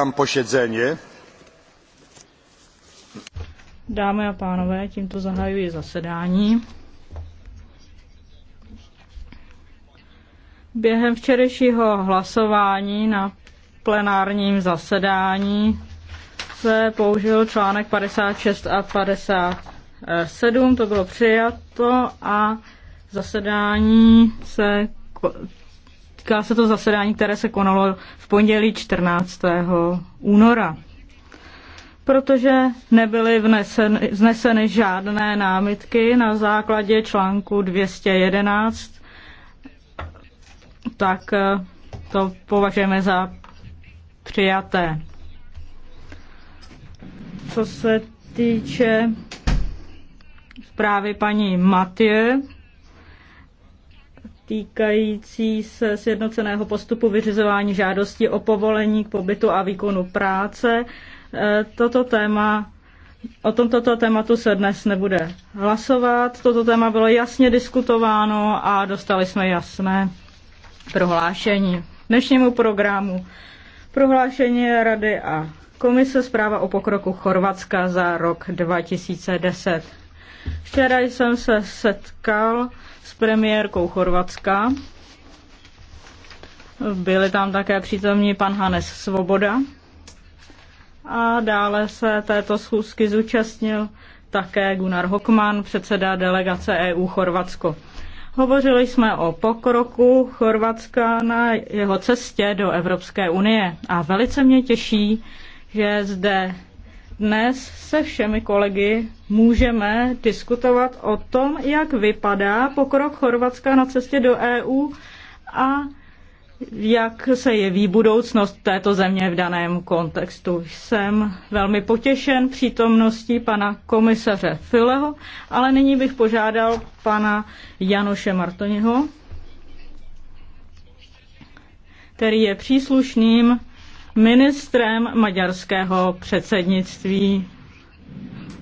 Otwieram posiedzenie. Dámy a pánové, tímto zahajuji zasedání. Během včerejšího hlasování na plenárním zasedání se použil článek 56 a 57, to bylo přijato a zasedání se Týká se to zasedání, které se konalo v pondělí 14. února. Protože nebyly vneseny, vzneseny žádné námitky na základě článku 211, tak eh, to považujeme za přijaté. Co se týče zprávy paní Matie, týkající se sjednoceného postupu vyřizování žádosti o povolení k pobytu a výkonu práce. E, toto téma O tomto tématu se dnes nebude hlasovat. Toto téma bylo jasně diskutováno a dostali jsme jasné prohlášení. Dnešnímu programu prohlášení Rady a Komise zpráva o pokroku Chorvatska za rok 2010. Včera jsem se setkal s premiérkou Chorvatska. Byli tam také přítomní pan Hanes Svoboda. A dále se této schůzky zúčastnil také Gunnar Hockman, předseda delegace EU Chorvatsko. Hovořili jsme o pokroku Chorvatska na jeho cestě do Evropské unie a velice mě těší, že zde dnes se všemi kolegy můžeme diskutovat o tom, jak vypadá pokrok Chorvatska na cestě do EU a jak se jeví budoucnost této země v daném kontextu. Jsem velmi potěšen přítomností pana komisaře Fileho, ale nyní bych požádal pana Janoše Martoniho, který je příslušným ministrem maďarského předsednictví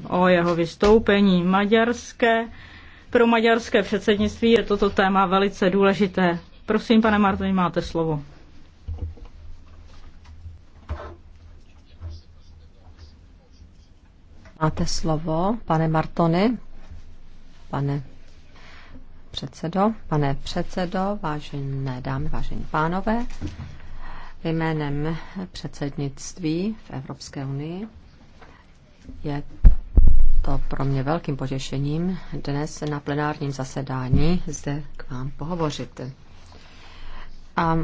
o jeho vystoupení maďarské. Pro maďarské předsednictví je toto téma velice důležité. Prosím, pane Martin, máte slovo. Máte slovo, pane Martony, pane předsedo, pane předsedo, vážené dámy, vážení pánové jménem předsednictví v Evropské unii. Je to pro mě velkým potěšením dnes na plenárním zasedání zde k vám pohovořit. A